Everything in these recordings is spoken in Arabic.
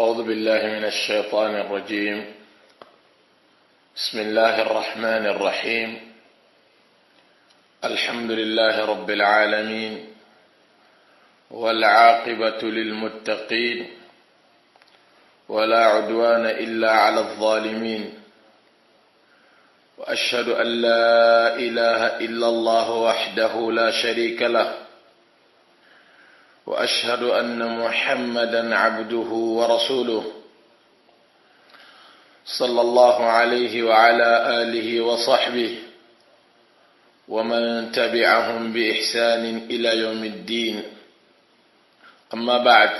أعوذ بالله من الشيطان الرجيم بسم الله الرحمن الرحيم الحمد لله رب العالمين والعاقبة للمتقين ولا عدوان إلا على الظالمين وأشهد أن لا إله إلا الله وحده لا شريك له واشهد ان محمدا عبده ورسوله صلى الله عليه وعلى اله وصحبه ومن تبعهم باحسان الى يوم الدين اما بعد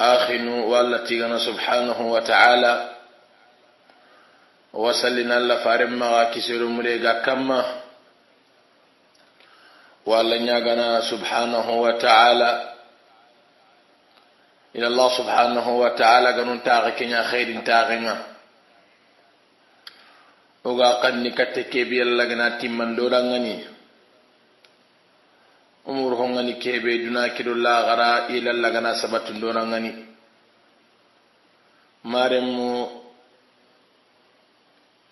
اخن والتي سبحانه وتعالى وسلنا لفارم كسر مريقا كما wa allah ñagana subhanahu wa taala ila allah subhanahu wa taala ganun taxe keña xeydin taxenga oga kanni katte keɓe yalla gana timmandoɗangani umur hongani keɓe duna kido laxara yalalla gana sabatundoɗangani maren mu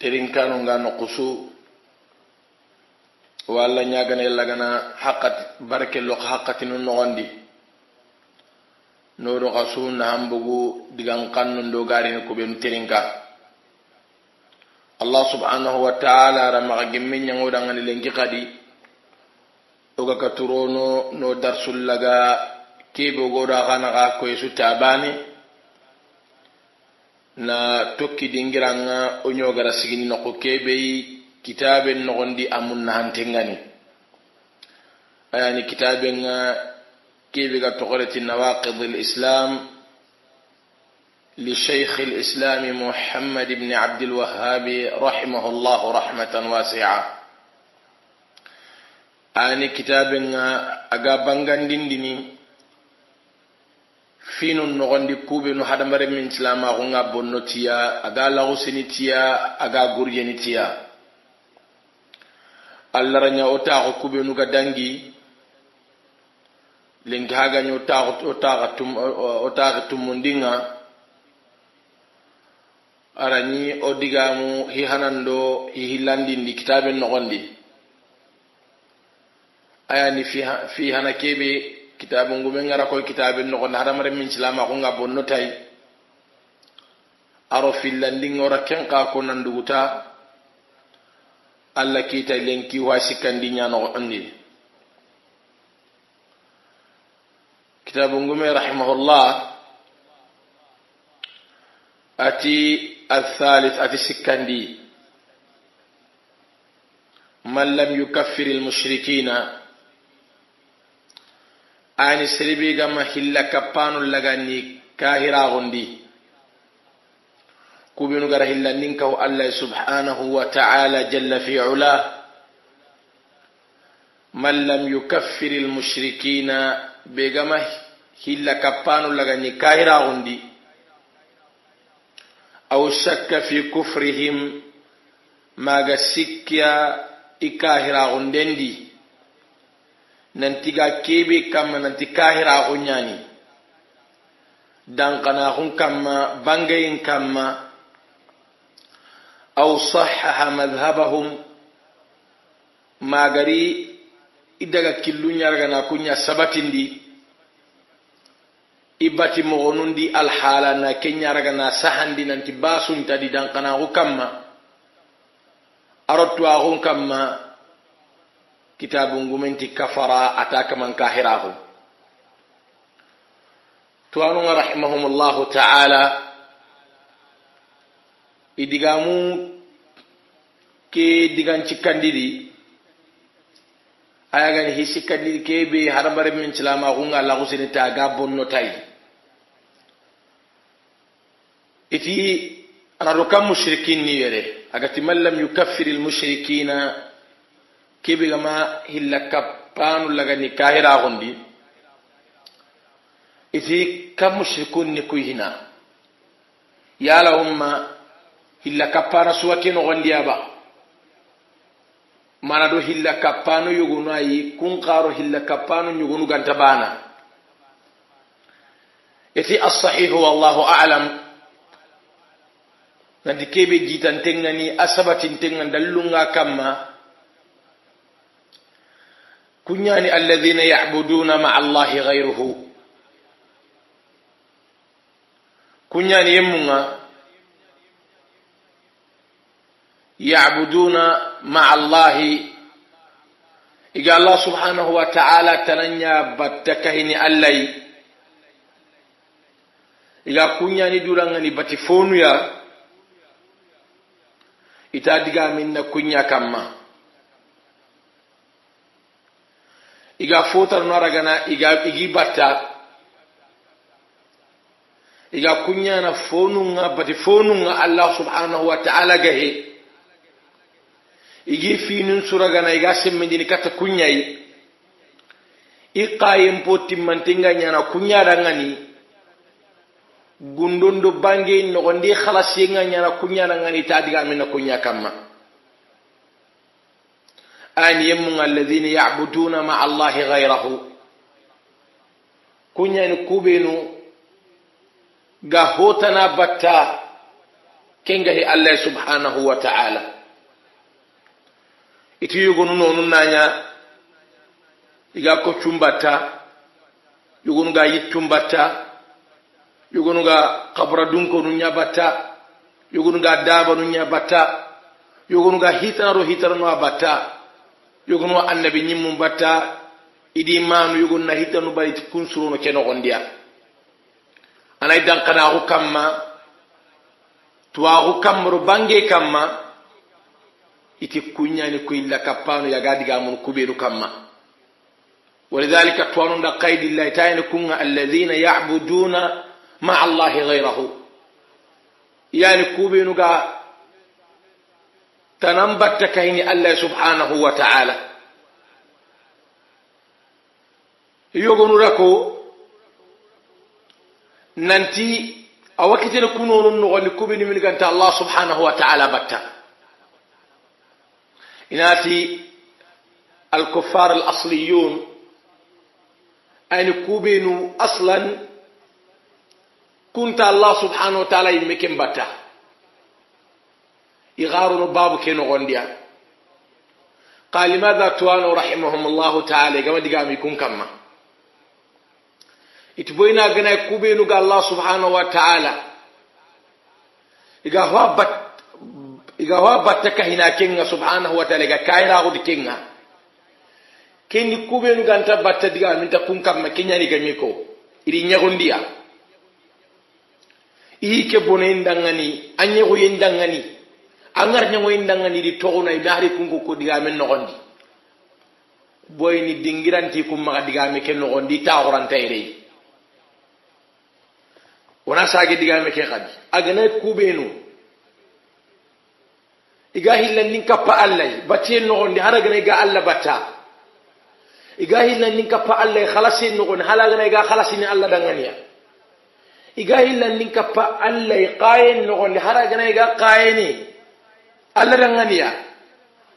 terinkanunga no kusu walla ñagana lagana haqqat barke lok haqqati nun nogondi nodo xa hambugu digan kannun do garini kubenu terinka allah subhanahu wa taala ra maxa gimme ñangodangani lenki xadi oga ka turono no darsul laga kebogoda xanaxa koyesu tabani na tokki dingiranga o ñogara sigini كتاب nogondi amun na hantengani ayani kitabe nga uh, kibi ga tokoreti nawaqid لشيخ الإسلام محمد بن عبد الوهاب رحمه الله رحمة واسعة آني كتاب أقابان غان دين ديني فين النغن دي كوب نحن من إسلام أغن أبون نتيا أغا لغو سنتيا أغا غوري نتيا, أغا allah raña o taaxo kuɓenuga dangi lengki hagañi o taaxi tummundinga arañi o digamu hihananɗo hihillandindi kitaɓe noxondi ayani fihana keɓe kitaɓe ngume gara koye kitaɓe noxondi haɗamare min silama ku nga bonno tay aro fillandinga ora kenqa ko nanduguta alla kita ki wa sikandi nyano andi kitabu ngume rahimahullah ati Al-Thalith ati sikandi man lam yukaffir almushrikina ani sribi gama hilla kappanu lagani kahira gondi كوبين غره الا نينك الله سبحانه وتعالى جل في علاه من لم يكفر المشركين بغمه هلا كفان لغني كاهرا غندي او شك في كفرهم ما غسكيا إكاهرا غندندي ننتيغا كيبي كما ننتي كاهرا غنياني دان قناهم كما بانغين كما أو صحح مذهبهم ما غري إدغا كلو نيارغنا كنيا سبتين دي ibati mogonundi alhala na kenyaragana sahandi nanti basuntadi dankanaxu kamma arottuwaxun kamma kitabungumenti kafara ata kaman kahiraxu tuwanunga rahimahumullahu taala kee idigamu ke digan cikkandidi ayagani hi sikkandidi ke be hadamaren min cilamaxunga laxusinita aga bonnotayi iti arado kan mushrikin ni yere agati man lam yukaffiri lmushrikina kebe gama hilla kappanu lagani kahiraxundi iti kan mushrikun ni kuy hina yala umma hilla kappana suwa ke nogondiyaba mana manado hilla kappano yogonu ayi kun karo hilla kappano yogonu ganta bana eti assahihu wallahu alam kebe jitan jitantengani asabatin sabatintengan dallunga kamma kunyani alladhina ya'buduna ma'a allahi ghayruhu kunyani yemunga يعبدون مع الله إيجا الله سبحانه وتعالى تنيا بتكهني اللي إيجا كنيا ندوران باتفون يا إتادقا منا كنيا كما إذا فوتر نرغنا إذا إيجي باتا إيجا كنيا نفونونا باتفونونا الله سبحانه وتعالى جهي igi sura suragana iga semmendini kata kunyai i qayen po timmantenga ñana kuñaɗangani gundondo bange nogondi halasiyenga ñana kuñaɗangani ta digamina kuña kamma ani yemmuga alladina yabuduna ma allahi gayrahu kuñani kubenu ga hotana batta kengahi allah subhanahu wa ta'ala iti yugunu nonu naña iga koccumbatta yugunuga yittumbatta yugunuga kabura dunkonu ñabatta yugunuga dabanu ñabatta yugunuga hitanaro hitanano a batta yugunu annabi ñimmum batta idi manu yugunna hitanu bariti kunsurono ke nogondiya anayi dankanaku kamma tuwaku kammaro bange kamma iti kunyani kuilla kappanu ga mun kubiru kamma walidhalika tuwanu twanunda la tayani kunga alladhina yabuduna ma allahi ghayrahu yani kubiru ga batta kaini allah subhanahu wa ta'ala yogonu rako nanti a wakkitene kunonun nogondi kubeni min ganta allah subhanahu wa ta'ala batta inati alkuffar alasliyun ayni kuɓenu aslan kunta allah subhanahu wa taala yimme ken batta i xaruno babu ke noxondiya qa limada tuwano rahimahum llahu taala gama digami kun kamma iti boyina ganay kuɓenuga allah subhanahu wa taala iga fa bat iga ho batta ka hina kenga subhanahu wa ta'ala ga kaira go dikenga kendi kubenu ganta batta diga minta kun kamma kenya ni gami ko iri nyagondiya ii ke bone ndangani anye go yendangani angar nyango yendangani di togona ibari kungu ko diga men nogondi boy ni dingiranti kum maga diga me ken nogondi ta goranta ire wana sage diga me ke kadi agana kubenu Igaa iga hillannin kappa allahy batten nogondi haragana iga allah batta iga hillannin kappa allahy halasen nogondi halagana iga halasini allah danganiya iga hillannin kappa allahy kayen nogondi haragana iga kayeni allah danganiya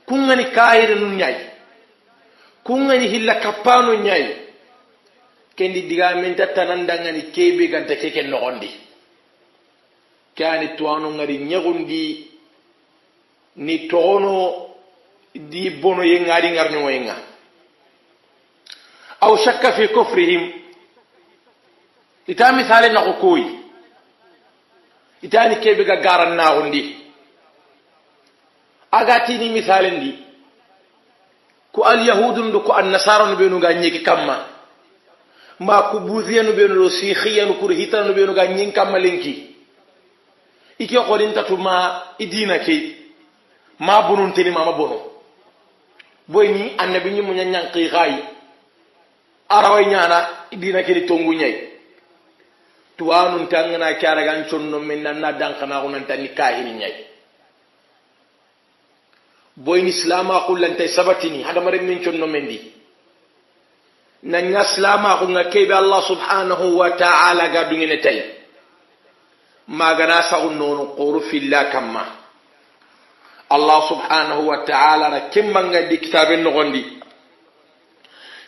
kungani kahira nu ñayi kungani hilla kappano ñayi kendi digamen tattanan dangani kebe ganta keken nogondi ke ani tuwano ngari ñagundi ni togono di bono yen ŋa di ŋariñoŋo yen ŋa aw shakka fi kofrihim itaa misale naxo koyi itaani kebe ga garan naxundi aga tini misalendi ku alyahudundu ku annasaranu benu ga ñeki kamma ma ku busiyanu benu do sikhiyanu kur hitaranu benu ga ñin kamma lenki ike xoninta tuma i dina kei ma bunun tini mama bono boy ni annabi ni mun nyan kai gai arawai nyana dina kiri tongu nyai tuwanun tangana kyara gan chonno min nan na dan kana gunan tani kahiri nyai boy ni islama kullan tay sabatini hada mare min chonno min di nan nya islama ku nga kebe allah subhanahu wa ta'ala ga dungine tay magana sa'un nonu qurufillah kamma allah subhanahu wa ta'ala ra kimmanga di kitabe nogondi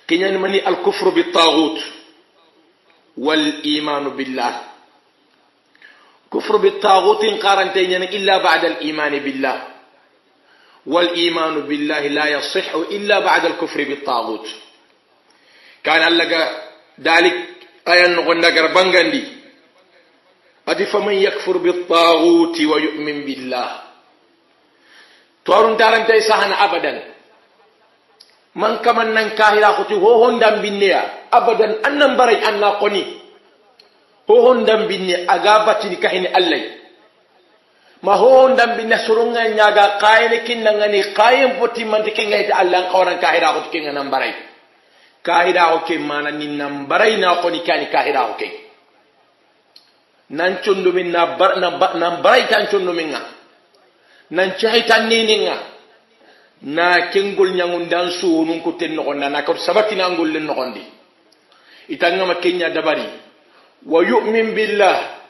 kinyani mani al kufru bi taghut wal iman billah kufru bi taghut qarante nyani illa ba'da al iman billah wal iman billahi la yasihhu illa ba'da al kufri bi taghut kan allaga dalik ayan nogonda garbangandi adi faman yakfur bi taghut wa yu'min billah torun taran tay sahan abadan man kaman nan kahira kuti ho hondam ya abadan annan barai anna koni ho hondam binne aga ni kahini allai ma ho hondam binne surunga nyaga kayene kinnangani kayen poti mante kenga ita allah kawaran kahira kuti kenga nan barai kahira ke mana nin nan barai na koni kani kahira ke nan chundu min na bar na barai tan chundu min nanti haytannininga na kengol ñagundi an suunun kutten nogondi ana kato sabatini an gollen nogondi itangama kenya dabari wa yumin billah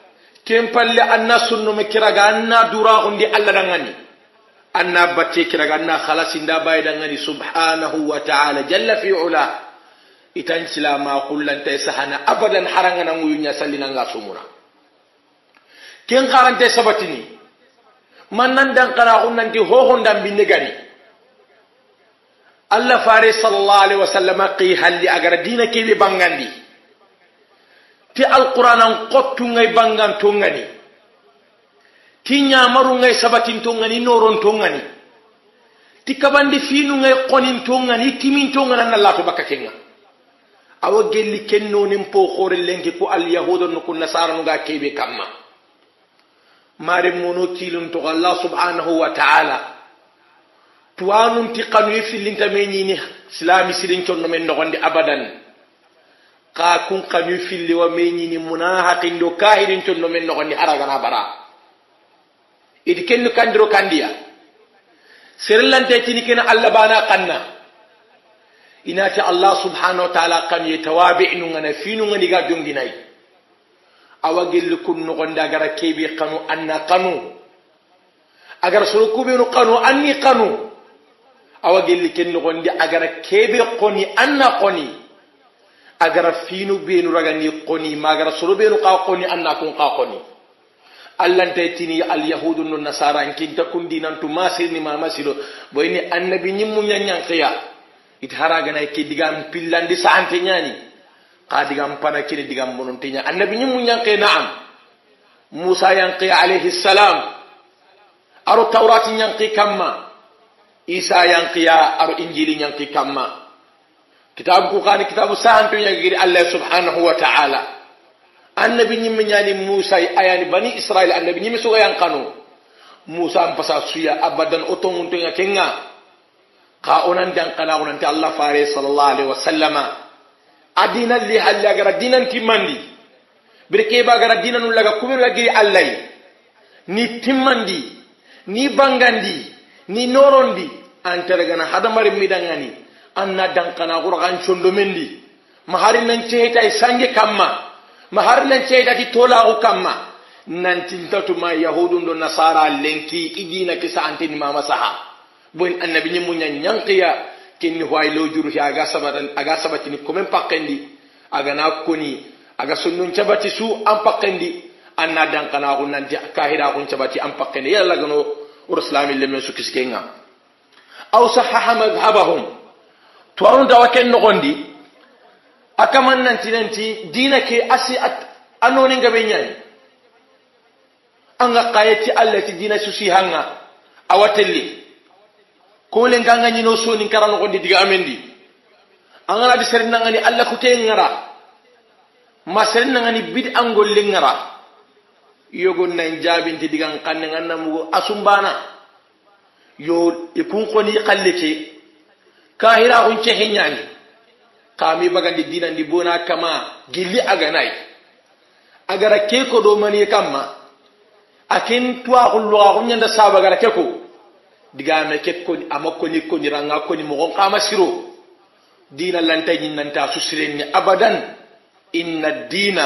ken palle anna sunnume kiraga anna duragundi allah dangani anna batte kiraga anna halasinda bayi dangani subhanahu wa taala jalla fi ula itan silama kullanta e sahana abadan harangananguyu ñasallinanga sumuna ken harante sabatini mannan danqaraxu nanti hoho ndambinne gani allah fare salallah alaihi wasallam a qi halli a gara dina kebe bangandi ti alqur'an an qottungay banganto gani ti ñamarungay sabatinto gani noronto gani ti kabandi finungay qoninto gani timinto gani an nalato bakka kenga awa gelli kennonin po xorellenke ku alyahuda nuku nasara nuga kebe kamma مارم منوتي لنتغ الله سبحانه وتعالى توان انتقان يفسي لنتا مينيني سلامي سلين تون من نغند أبدا قا كون قان يفسي لوا مينيني مناحق اندو كاهر تون من نغند أرغانا برا إذ كن نكان درو كان ديا سرلا تيتيني كنا ألبانا قنا إناتي الله سبحانه وتعالى قان يتوابع نغنا في نغنا نغنا awa gelli kun nogonde agara keɓe kanu anna kanu agara soro kuɓenu kanu anni kanu awa gelli ken nogonde agara keɓe koni anna koni agara fiinu ɓenu ragani koni ma agara soro ɓenu ka koni anna kun ka koni allanta tini alyahudu no nasara n kinta kundinantu ma sirni mama silo boyni annabi ñimmu ñanñankiya it haraganayi ke digam pillandi sahante ñani Kadigampana digam pana kini digam bonun tinya annabi nyum nyanke na'am musa yanqi alayhi salam aro tawrati nyanqi kamma isa yanqi ya aru injili nyanqi kamma kitab ku kani kitabu santu nyagiri allah subhanahu wa ta'ala annabi nyim nyani musa ayani bani israil annabi nyim suga yankanu musa am pasa suya abadan otongun to nyakenga ka onan dan kana onan allah fare sallallahu alaihi wasallama adinalli alla gara dinan timmandi birkeba gara dinanu laga kuɓenuga giri allahy ni timmandi ni bangandi ni norondi antaragana hadamaren midangani anna dankanaxura xan condomendi mahari nan cehitay sange kamma mahari nan cehitati tolaxu kamma nantintatuma yahudun do nasara lenki i dina kisa antenimama saha boin annabi ñimmuña ñankiya kinni juru ya aga sabaran aga sabatini komen aga agana kuni aga sunnun cabati su an pakkendi anna dankanaxu nanti kahira cabati an pakkendi yalla gano uraslami lemen su kiskenga aw sahaha madhabahum tuwarun dawa ken noxondi a nanti nanti dina ke asi a nonengabe nyani? an ga kayeti allati dina susi hanga awatelli kowle ngangañino soni karanogondi diga amen ndi a ganadi sere nangani allah kote ngara ma sere nangani bid angolle ngara yogon nayi jabinte digan kanne ngan namugo asumbana yo e kunkoni kallete kahira hun cehe ñani kami bagandi dinandi bona kama gilli aganayi agara keko do mani kamma akin twakhulluwa kunyanda sabagara keko digame ke koni ama koni koniranga koni mogon kama siro dina lantañi nanta susirenni abadan inna dina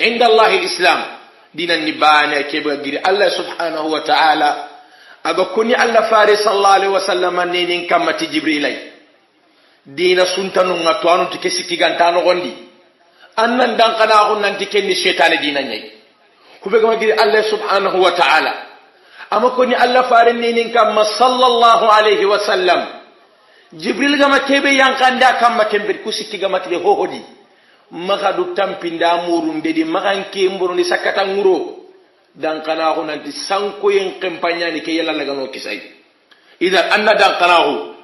inda allahi lislam dinan ni bane keɓega giri allah subhanahu wa taala aga koni allah fare sallah alaihi wasallama nenin kammati jibrilay dina suntanunga to anuti ke sikkiganta nogondi annan dankanaxun nanti kenni setane dina ñayi huɓegama giri allah subhanahu wa taala ama ko ni allah farininin kamma sallallahu alayhi wa sallam jibril gama keɓe yankanda kamma kembedi ku sikki gamatide hohodi du tampinda murundedi magan kemboroni sakkata ŋuro dankanaxu nanti sankoyen kempagnani ke yalallagano kisai. Ida anna dankanaxu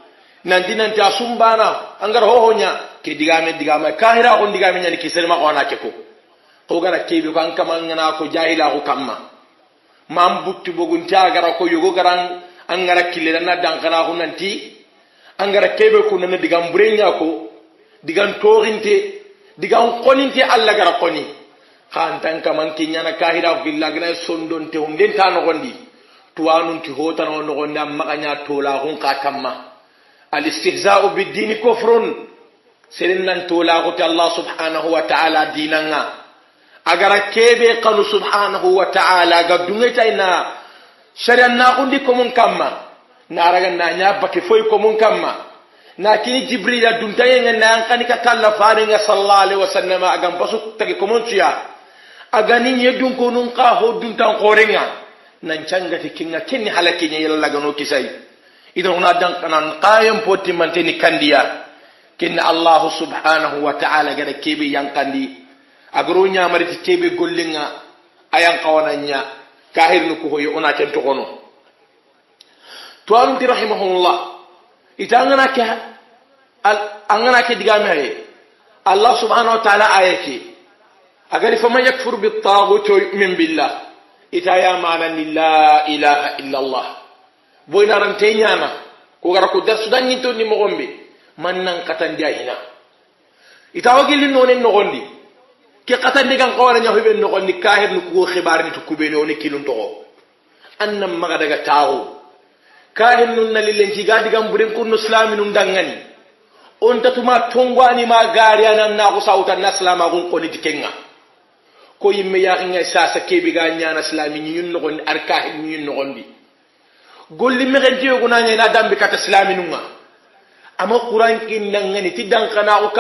nanti nanti asumbana. sumbana angara hohoña ke digame digama Kahira ndigame ñani kisermaxo ana ke ko kogara keɓe ko an kamangana ko jahilaxu kamma man bukti ti agara ko yugo garan angara kille killera na ko nanti angara kebe ko kunana digam burenya ko digan torinte digan koninte alla gara koni kan tan kaman kinyana kahira billa gna sondon te hunde ta no gondi tuwanun ti hota no no gonda maganya tola hun ka tamma al istihza'u bid-din kufrun sirin nan tola ko ta Allah subhanahu wa ta'ala dinanga agara kebe kanu subhanahu wa ta'ala ga dunga ina shari'an na kundi komun kamma na raga na nya bate foy komun kamma na kini jibrila dunta yen na an kani ka talla farin ga sallallahu alaihi wasallam aga basu tagi komun tiya aga nin yedun kunun ka ho dunta qorenga nan canga tikinga kinni halake ne yalla ga no kisai idan una dan kanan qayan poti manteni kandiya kin allah subhanahu wa ta'ala ga kebe yan kandi agaro ñamariti keɓe gollenga ayan kawana ña kahirni kuhoyi ona ken togono to anumti rahimahumullah ita angana ke angana ke allah subhanahu wa taala aye agari faman yakfur bitagut min billah ita ya manani la ilaha illa allah boynarante ñana kogara ko darsu dañintonni mogonɓe man nan katandi a hina ita wagilli nonen nogondi ke katandi kan kawara nya hobe no konni kaher no ko khibar ni tukube no ne kilun to annam maga daga tawo kahin nun na lillen ci diga gam burin kunno islami nun dangani on ma gari ana na kusauta na islama gun koni dikenga ko yimme yakinga sasa kebi ga nyana islami nyun no gon arkahi nyun no gondi golli me gen tiyo guna nyana kata islami nunga amma qur'an kin ti dankana o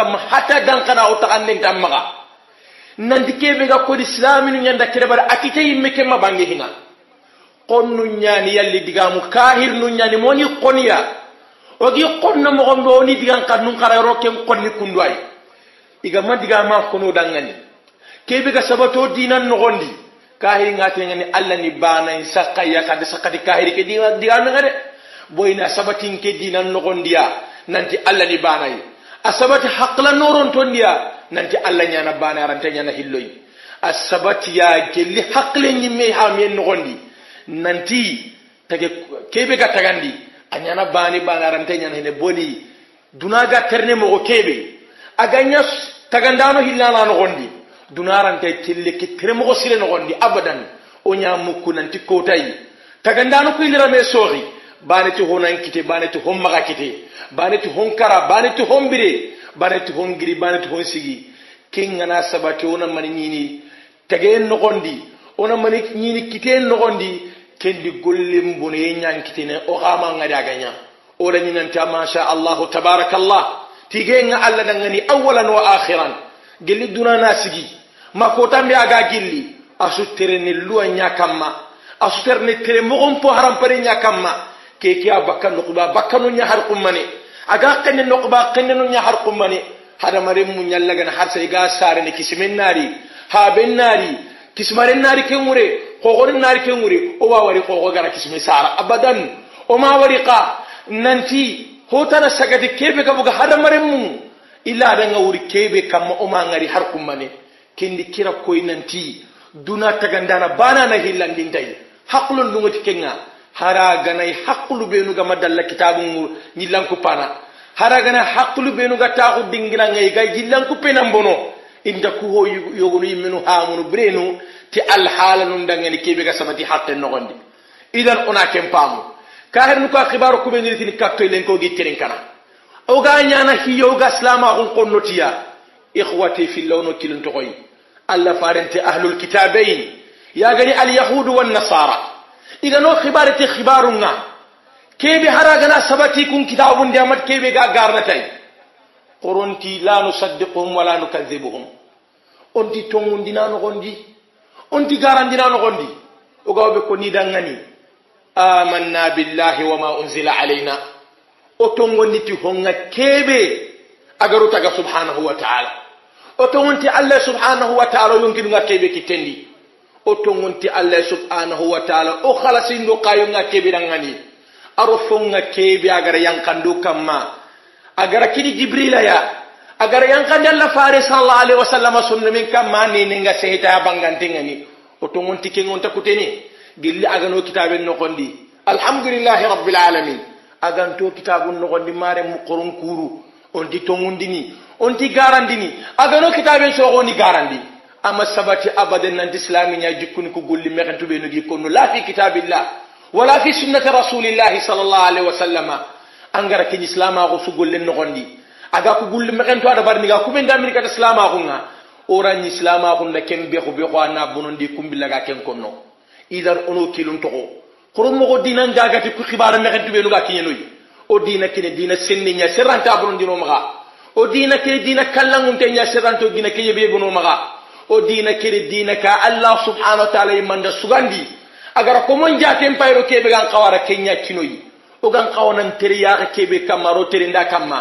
nanti keɓe ga kodi silaminu ñanda kirabara akite yimme kemma bange hina kon nu ñani yalli digamu kahir nu ñani moni konya ogi konno mogon be oni digan kan nun kara ro ken konni kundu ay iga ma digama kono dangani kebe ga sabato dinan nogondi kahir ngati ngani alla ni bana in sakka ya kad sakka di kahir ke diga digan ngare boyna sabatin ke dinan nogondiya nanti alla ni bana ay asabati haqlan nuron tondiya nanti allah ñana bane aranta ñana hilloy a sabati ya gelli haqle ñimme ha mien nogondi nanti tage kebe ga tagandi a ñana bane bane aranta ñana hine boni dunaga terne mogo kebe aga ña tagandano hillana nogondi dunaranta kelle ke tere mogo sile nogondi abadan o ña mukku nanti kotayi tagandano ko ilirame sooxi baneti honan kite baneti hon maxa kite baneti hon kara baneti hon bire banati hon giri banati hon sigi king gana sabati ona mani ñini tegen nogondi ona mani ñini kiteen nogondi kendi gollen bonoye ñankitine o ngada ganya. O la nyinan ta masha allahu tabarakallah tigenga allah dangani awwalan wa akhiran gelli dunana sigi ma kotanɓe aga gilli asu terene luwa nyakamma asu terene tere mogon po haram pare nyakamma keke a bakkan nokuɓe a bakkano kummane aga kenne no ba kenne no nyahar kumani hada mare mun yalla har sai ga sare ne kismin nari ha ben nari kismaren nari ke mure kogorin nari ke mure o wa wari ko gara kismi sara abadan o ma wari ka nanti hotana sagati kebe ga buga hada mare mun illa da nga wuri kebe kama o ma ngari har kumani kindi kira koy nanti duna tagandana bana na hillandin dai haqlun lungati kenga hara ganay haqqulu benu ga madalla kitabu mu nyillan kupana hara gana haqqulu benu ga taqu dingina ngai ga jillan kupena mbono inda ku ho yogonu yimenu hamunu brenu ti al nun dangani kebe ga sabati haqqe nogondi idan ona kempamu kahir nu ka khibaru kube ni kakko katto len ko gittirin kana o ga nyana hiyo ga islama hun qonnotiya ikhwati fil kilin ahlul kitabain yaagani gani al yahud igano khibarete khibarunga kebe haragana sabati kun kitabun diamat kebe ga garnatai qoronti la nusaddiquhum wala nukadhibuhum onti tongundina nogondi onti garandina nogondi ogawɓe ko ni dangani amanna billahi wama unzila alayna o tongonditi honga keɓe agarutaga subhanahu wa taala o towonti allah subhanahu wa taala yonkiɗuga keɓe kittendi o tongunti allah subhanahu wa taala o halasindu kayunga keɓirangani aro fonga keɓe agara yankandu kamma agara kini jibrila ya agara yankandi allah fare sallallahu alaihi wa sallam sunna min kamma ninenga sehitaya bangantingani o tongunti kengonta kuteni gilli agano kitaben kondi alhamdulillahi rabbil alamin aganto kitabun kondi mare qurun kuru onti tongundini onti garandini agano kitaben sogoni garandini اما سبتي ابدا ان الاسلام يجكن كقول لي مرتبه نجي كون لا في كتاب الله ولا في سنه رسول الله صلى الله عليه وسلم انغرا كي الاسلام أو سغول لي نغوندي اغا كقول لي مرتبه دا بار نيغا كوبين دامي كات الاسلام اكو نا اوراني الاسلام اكو نكم بيخو بيخو انا بنون دي كومبي لا كان كونو اذا انو كيلون تو قرون مغو دينان جاغاتي كو خبار مرتبه نوغا كي نوي او دينا كي دينا سنني نيا سرانتا بنون دي مغا او دينا كي دينا كلامون تي نيا سرانتو دينا كي يبي بنو مغا o dina kiri dina ka allah subhanahu wa ta'ala manda sugandi agara ko mon jaten payro kebe gan qawara kenya kinoyi o gan qawanan teri yaga kebe kamaro teri nda kamma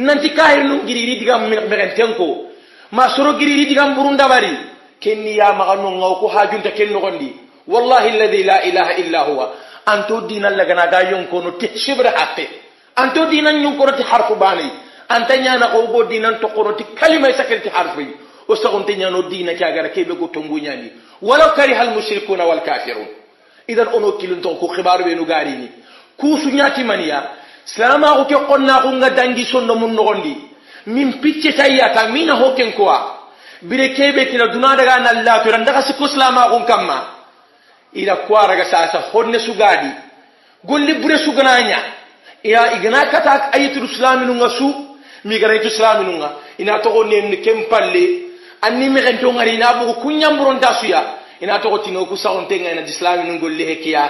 nanti kahir nun giriiri digam merenten ko ma soro giriri digam burunda bari kenni yaa maga non ngaw ko hajunta ken nogondi wallahi alladhi la ilaha illa huwa anto dina lagana da yonkono ti shibra hatte anto dina nyonkono ti harfu bani anta nyana ko go dinan to kono ti kalima وسقنت نانو دين كي اگر كي بيكو تونغو نياني ولو كره المشركون والكافرون اذا انو كيلن تو كو خبار بينو غاريني كو سنياتي مانيا سلاما او كي قلنا كو غدانغي سون مون نوغندي مين بيتشي تايا تا مين هو كين كوا بري كي بي تي دونا دغا ان الله تو رندغا سي كو سلاما كو كاما الى كو رغا سا سا خون نسو غادي غولي بري سو غنانيا يا اغنا كتاك ايتو الاسلام نونغا سو مي غريتو الاسلام نونغا ina togo nen kem palle anni mexen to ngari ina bugu kunñamburonta suya ina toxo tino ku saxontenga ina dislami nu ngolle he kiya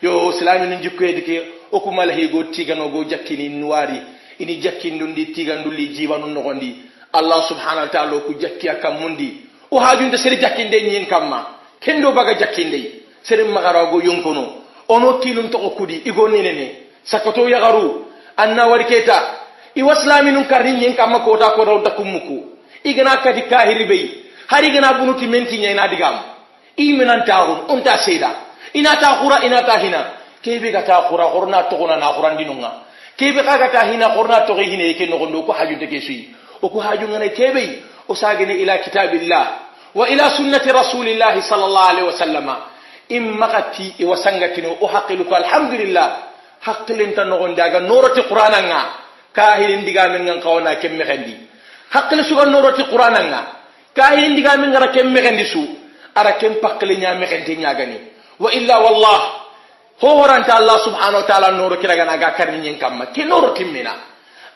yo silami nu jikkoyedi ke wo ku malahigo tigano go jakkini nuwari ini jakkindundi tigandulli jibanu noxondi allah subhanau wa taala ku jakkiya kammundi o hajunde sere jakkinde ñin kamma kendo baga jakkindey sere magarago yonkono ono kilum toxo kudi igo nenene sakoto yagaru anna wari keta iwa silami nun karni ñin kamma kota kodawta kummuku igana kati kahiri beyi hari igana bunuti menti nya ina digam iminan tarum unta seda ina ta khura ina ta hina kebe ga ta khura khurna to gona na khuran dinunga kebe ga ga ta hina khurna to hina yake no gondo ko haju de kesui o ko haju ngane kebe o sagene ila kitabillah wa ila sunnati rasulillahi sallallahu alaihi wasallama imma gati e wasangatino o haqiluko alhamdulillah haqilin tan no gonda ga norati qur'ananga kahirin digamen ngan kawna kemme khandi hakkili sugannoroti qurananga min ngara kem mexendi su ara kem nya pakkili nya gani wa illa wallah ho hohoranta allah subhanahu wa taala noro gana ga karni ñen kamma ke noro timmina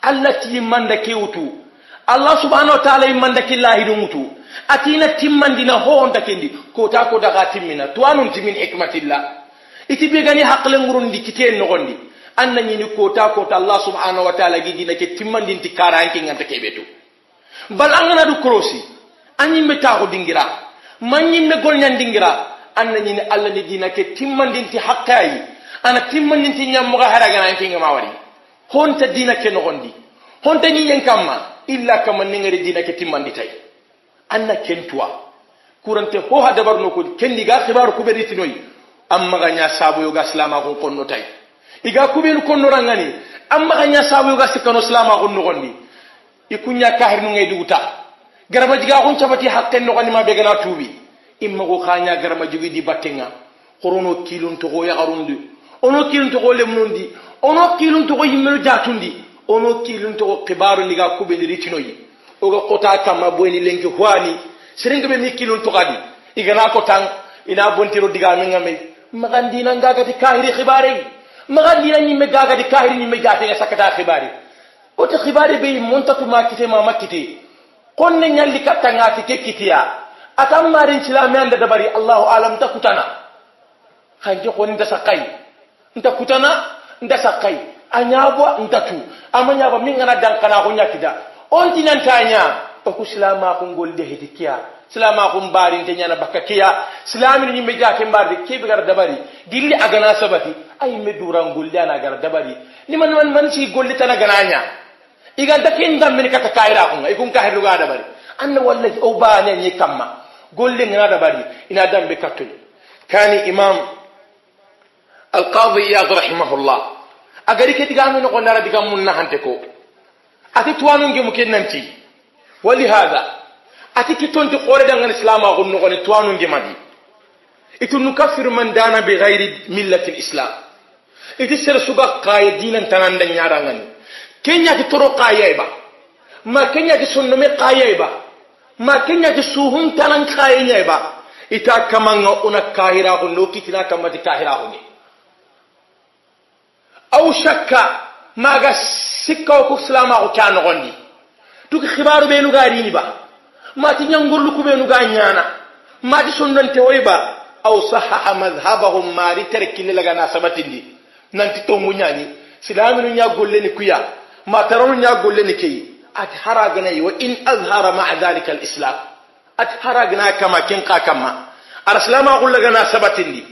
allati manda ke wutu allah subhanahu wa taala i manda ke lahidun wutu atina timmandina hohonta kendi ko ta ko daga timmina to anun min hikmatillah iti begani hakkilengurundi kiteen nogondi an ko ta ko ta allah subhanahu wa taala gidi na ke timmandinti karanke nganta keɓe kebetu bal angana du korosi anyimbe taxu dingira mañimme golñan dingira an na ñini alla ni dina ke timmandinti haqqayi ana timmandinti ñammoga haraganan kingama wari honta dina ke nogondi honta ñiñen kamma illa kamma ningari dina ke timmandi tay na kentuwa kurante ho ha no ko kendiga xibaru kuɓeritinoyi sabu ña salama ko konno tay iga sabu konnorangani ammaga ña sabuyoga sikkano silamaxun nogondi ikunya kahir nungay duguta garama jiga hun cabati hakken no ganima be gana tubi imma ko khanya garama jigi di battenga qorono kilun to goya garundi ono kilun to golle mundi ono kilun to goyimelo jatundi ono kilun to qibaru niga kubeli ritinoyi oga kota kama boyni lenki hwani serenge be mi kilun to gadi igana ko tan ina bontiro diga minga me magandina ngagati kahiri khibari magandina nyimme gagati kahiri nyimme jatega sakata khibari wota hibari be kite ma kite ma makkite konne ñalli kattangati ke kitiya atan marin cilame da dabari allahu alam nta kutana hanke koni nta sakkay nta kutana nta sakkay a ñaabo nta tu ama ñaaba min gana dankanako ñakkida ontinanta ña oku silamaku golle hedi kiya silamaku mbarinte ñana bakka kiya silamini ñimme jake mbarde keɓe gara dabari dilli agana sabati a yimme duran golle ana gara dabari niman man man si golle tana ganaña iganta kindan min kata kaira kunga ikun kahir luga da bari anna wallahi o ba ne ni kamma golle ngana da bari ina dambe katuni kani imam alqadi iyad rahimahullah agari ke diga min ko nara diga mun na hante ko ati tuwanu ngi mu kennanti wali hada ati kitonti qore da ngan islama ko no ni tuwanu ngi madi itun nukaffir man dana bi ghairi millati alislam iti sir suga qaidina tanan da nyaara ngani kenyaki toro kayeba ma kenyaki sonnomi kayeba ma kenyaki suhun tanan kayeba ita kamanga una kahira hunno kitina kamati kahira hunni aw shakka maga sikkaw ko silamaxu ke a noxondi tuki xibaru ɓenu ga rini ba mati ñangolluku ɓenu ga ñana mati sonnantewoy ba aw sahaha madhabahum mari tere kille lagana sabatindi nanti tongu ñani silaminu ña golleni kuya ما ترون يا قول لنكي أتحرقنا وإن أظهر مع ذلك الإسلام أتحرقنا كما كنقا كما ما أقول لنا سبتني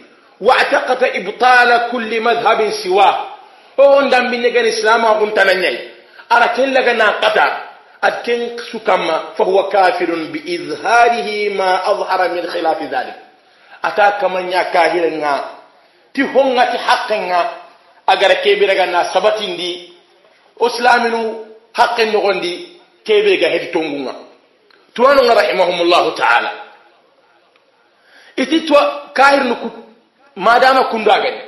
واعتقد إبطال كل مذهب سواه وون دم بنيجان الإسلام أقول تنيني أركن لنا قطع أتكن سكما فهو كافر بإظهاره ما أظهر من خلاف ذلك أتاك من يا كاهرنا تهونغة حقنا أجر كبيرنا سبتني o silaminu haqqen nogondi keɓe ga hedi tongunga tuwanonga rahimahumullahu taala iti tuwa kahirnu ku madama kundagani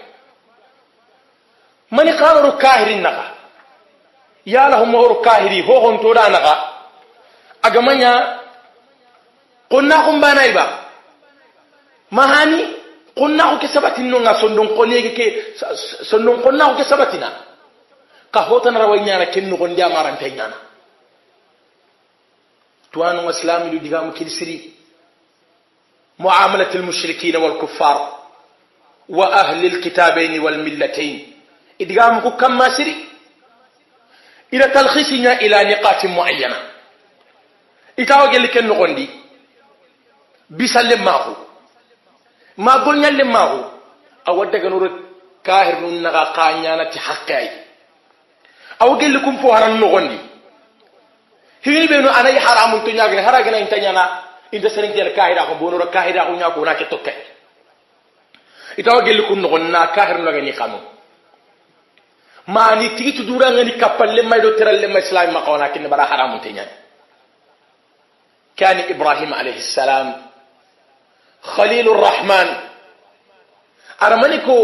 mani kanoro kahirin naga yalahumahoro kahiri hohontoɗa naga agamaña qonna kumbanayi ba mahani qonnaku ke sabatinnonga sondon qonege ke sondon qonnaku ke sabatina ka hotana rawa ñana ken nogondi a marante ñana tuwanonga silamidu digamu معاملة المشركين والكفار وأهل الكتابين والملتين إدغامك كم ماسري إلى تلخيصنا إلى نقاط معينة إتاو قال لك النغندي بيسلم معه ما قلنا لماه أود أودك نور كاهر نغا قانيانا تحقعي aw gelli kum fo haran nogondi hini ɓe no anayi haramun to ñagene hara gana inta ñana inta serentel kahira ko bonoro kahira ko ñako na ke tokkay itawa gelli kum nogon na kahir nogani kanu mani tigi tudurangani kappalle may do teralle ma islami maqawna kinne bara haramun te ñani كان إبراهيم عليه السلام خليل الرحمن أرمنكو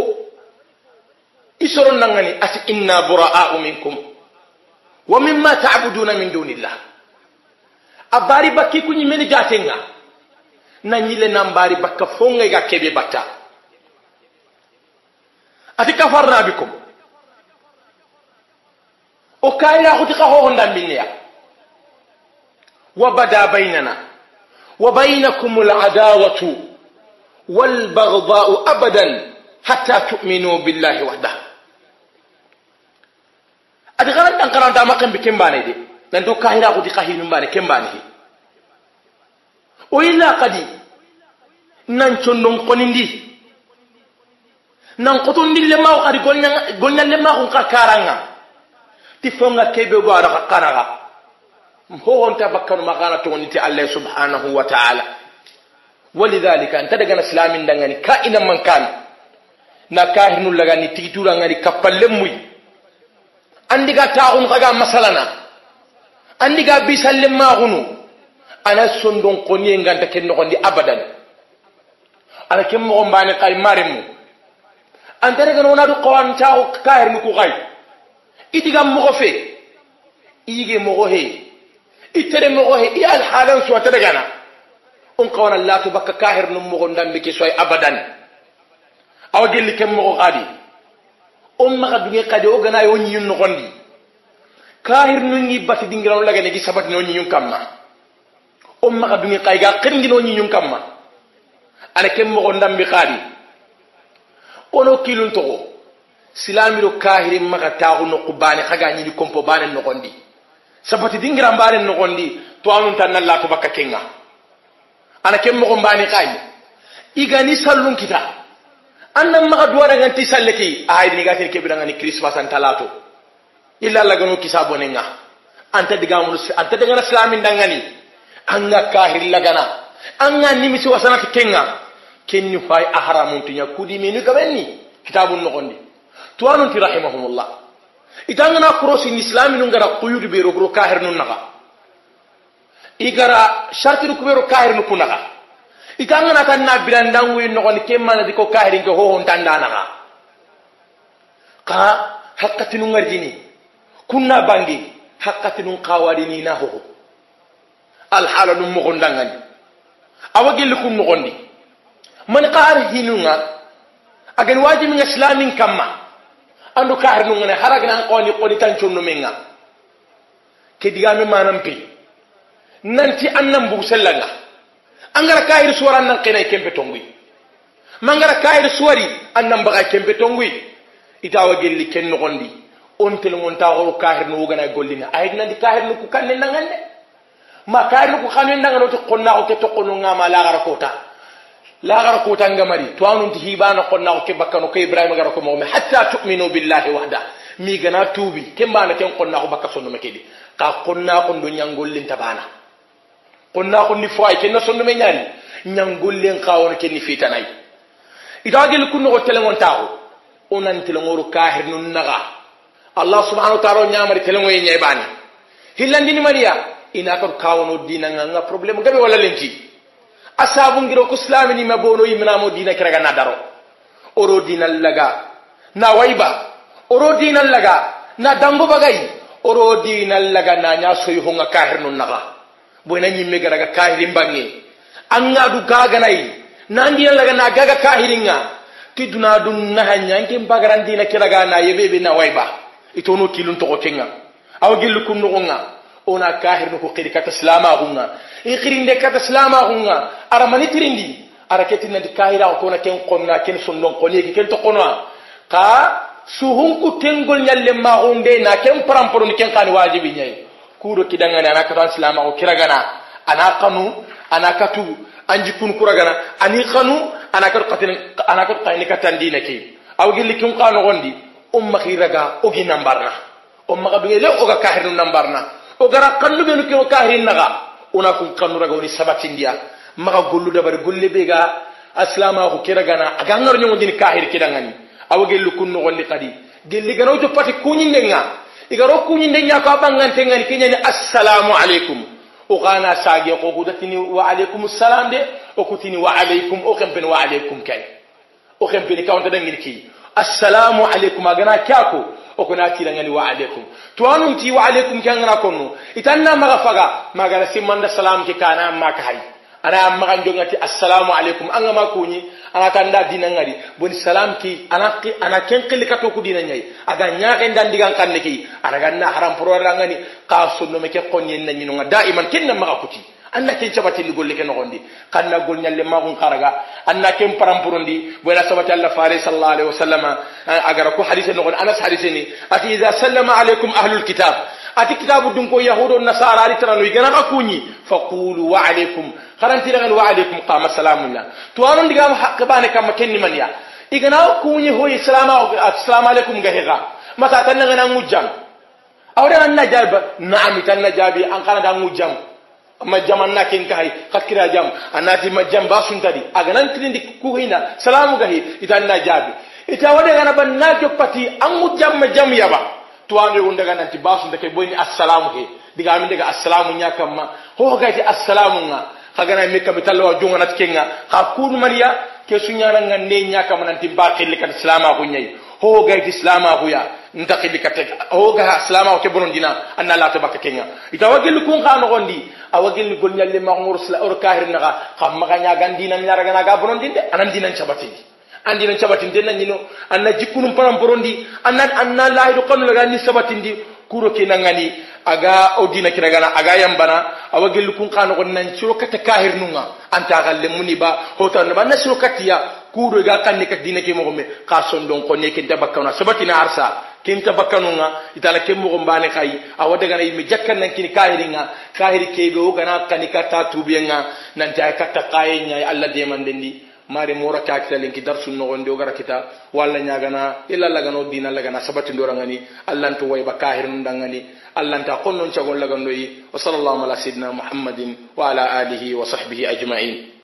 isoro nangani ati inna bura'a'u minkum wa mimma ta'buduna min dunillah abari bakki kunyi meni gatenga nanyile nambari bakka fonga ga kebe batta ati kafarna bikum o kayra huti ka ho honda minniya wa bada bainana wa bainakum al-adawatu wal baghdha'u abadan hatta tu'minu billahi wahdahu adi ganan dan kanan da makan bikin bane de nan do kahira ko di kahilun bane ken bane he o illa qadi nan chondon konindi nan qotondi le ma qadi golnya golnya le ma ko karanga ti fonga kebe go ara karaga ho wonta bakkanu magana to niti allah subhanahu wa ta'ala walidhalika anta daga islamin dangani ka ina man kan na kahirnu laga ni tigitura ngani kapalle muyi andiga taxun xaga masalana andiga bisallen maxunu ana sondon qoniye nganta ken noxondi abadan ana ken moxon mbane xay marenmu antaregano wonadu qawan taxu kaherni ku xay i diga moxo fe i yige moxo he i tere moxo he i alhalan anta teregana on qawana alatu bakka kahernu moxon ndambike soy abadan awa gelli ken moxo xaadi on maxa duge xadi wo ganayi wo ñiñun noxondi kaxir nungi bati dingirano lagane gi sabatine wo ñiñun kam ma on maxa duge xayi ga xiringine wo ñiñun kam ma ana ke moxo ndambi xaadi wono kilun toxo silamiro kaxiri maxa taxu noku bane xaga ñini compo bane noxondi sabati dingiran bane noxondi toanuntan na latubakka kenga ana ke moxo mbani xayi igani sallun kita annan maga duwana ganti salle ki ay ni gatir ke bidanga ni christmas an talato illa la gano kisa bonenga anta diga mun anta diga na islamin dangani anga kahir lagana anga ni misi wasana kenga kenni fay ahramun tinya kudi minu gabenni kitabun nogondi tuwanun ti rahimahumullah itanga na krosi ni islamin ngara kuyudu be ro kahir nun naga igara sharti ku be ro kahir nu ikangana kanna birandanguyi nogoni kemmanadi ko kahirinke hohontandanaga ka hakkatinun ardini kunna bangi hakkatinun kawadini na hoho alhala num mogondangani awa gelli kun nogondi man kahar hinunga agan wajiminga silamin kamma andu kahar nungane haragnan koni koni tanconnumenga ke digame manan pe nanti annan bugu sellanga angara kayir suwara nan qinay kembe tongui mangara kayir suwari annan baga kembe tongui itawa gelli ken nogondi on tel mon ta ko kahir no gana gollina ayid nan di kahir no ku kanne nangande ma kahir no ku kanne nangano to qonna ko to qonno ngama la gara kota la gara kota ngamari to anun ti hibana qonna ko ke bakkano ke ibrahima gara ko mo hatta tu'minu billahi wahda mi gana tubi kembana ken qonna ko bakka sonno makedi ka qonna ko do nyangollin tabana konna ni fo ay na sonu me leen ñani ci ni kenni fitanay ida gel ku kunno ko telengon taxu onan ngoru kaahir nu naga allah subhanahu wa taala ñamari telengo baani hilandi ni mariya ina ko kaawono diina nga nga problème gabe wala ci asabu ngiro ko islam ni islamini ma bono imnamo dina kiraga na daro oro diina laga na wayba oro diina laga na dambu bagay oro diina laga na nya soyi nga kaahir nu naga boyna ñimme garaga kahirin bange angadu kaganayi nandina laga na gaga nga ti duna dun nahanya nke bagarandina kiraga na yebebe na wayba itono kilun togo kenga aw gillu kunnugonga ona kahirno ko kiri kata silama hunga e i de kata silama hunga aramani tirindi ara keti nanti kahira ko na ken konna ken sundon koni ken to kona ka suhun ku tengol nyalle ma hunde na ken paramporo ken kan wajibi nyai kudo kidangani ana katu an silamaxo kiragana ana xanu ana an kuragana ani xanu ana katu ana katu xayini kattandina ke aw gilli kin xa noxondi o maxiraga oga o gara xannu ɓenu keno kahirin naxa ona kun xannuraga woni sabatindiya maxa gollu dabari golle ga kiragana aga awa igaro kuñinde ñako a ɓangantengani keñani assalamu aleykum ko ko kokudatini wa alaikum assalam de okutini wa alaikum o kempene wa alaikum kay o kempene kawonta dangini ki assalamu alaikum agana kuna ti tirangani wa anum ti wa alaikum ke angana konno itanna maga faga maga simmanda salam ke kana maka hay ana magan ti assalamu alaikum an gama kunyi ana kan dina ngari boni salam ki ana ki ana ken kili kato ku dina nyai aga nya ken dan digan kan ne ki ana ganna haram pro ngani ka sunno me ke konni konye nan nyinonga daiman ken na maga kuti anna ken chabati ni golle ken gondi kanna gol nyalle magun karaga anna ken param parampurundi bo la sabati allah faris sallallahu alaihi wasallam agara ku hadith no ana hadith ni ati iza sallama alaikum ahlul kitab ati kitabu dun ko yahudo nasara ari tanu igana ka kunyi faqulu wa alaikum karanti dagan wa alaikum qama salamun na to anon diga hakka bane kam kenni man ya igana kunye hoyi salama assalamu alaikum ga hega mata tan ngana mujam awre an najab na'am tan najabi an kana da mujam amma jaman na kin kai kakira jam anati majam ba sun tadi aganan tindi ku hina salamu ga hi itan najabi ita wade gana ban na ko pati an mujam majam ya ba to an yo ndaga nan ti ba sun da kai boyni assalamu he diga amin daga assalamu nya kamma ho ga ti assalamu nga hagana me kam talwa jonga nat kenga har kunu mariya ke sunyana ngande nya kam nan timba khilli kat islama ko nyai ho ga islama ko ya nta khilli kat ho ga islama ko bonon dina anna la to bakka kenga ita wagel kun ka no gondi a wagel gol nyalle mahmur sala or kahir na ga kam ma nya gandina nyara gana ga bonon dinde anan dinan chabati andina cabatinde na ñino anna jikkunum param borondi anna anna lahidu kanu laga ni sabatindi kuro ke nan gani aga odina kira gana aga yambana a gelli kun kano kon nan ciro kata kahir nunga anta galle muni ba hota na banna ciro katiya kuro ga kanne ka dina ke mo me ka son don ko ne ke tabakkauna arsa kin tabakkanunga itala ke mo kayi kai awa daga na yimi jakkan nan kini kahiringa kahir ke be o gana kanika ta tubiyenga nan ta kata kayenya Allah de man dendi mari mora ka aksa linki darsu no onde ogara kita walla nyagana illa lagano dina lagana sabati ndora ngani allan to wayba kahir ndangani allan ta konnon chagol lagando yi wa sallallahu ala sayyidina muhammadin wa ala alihi wa sahbihi ajma'in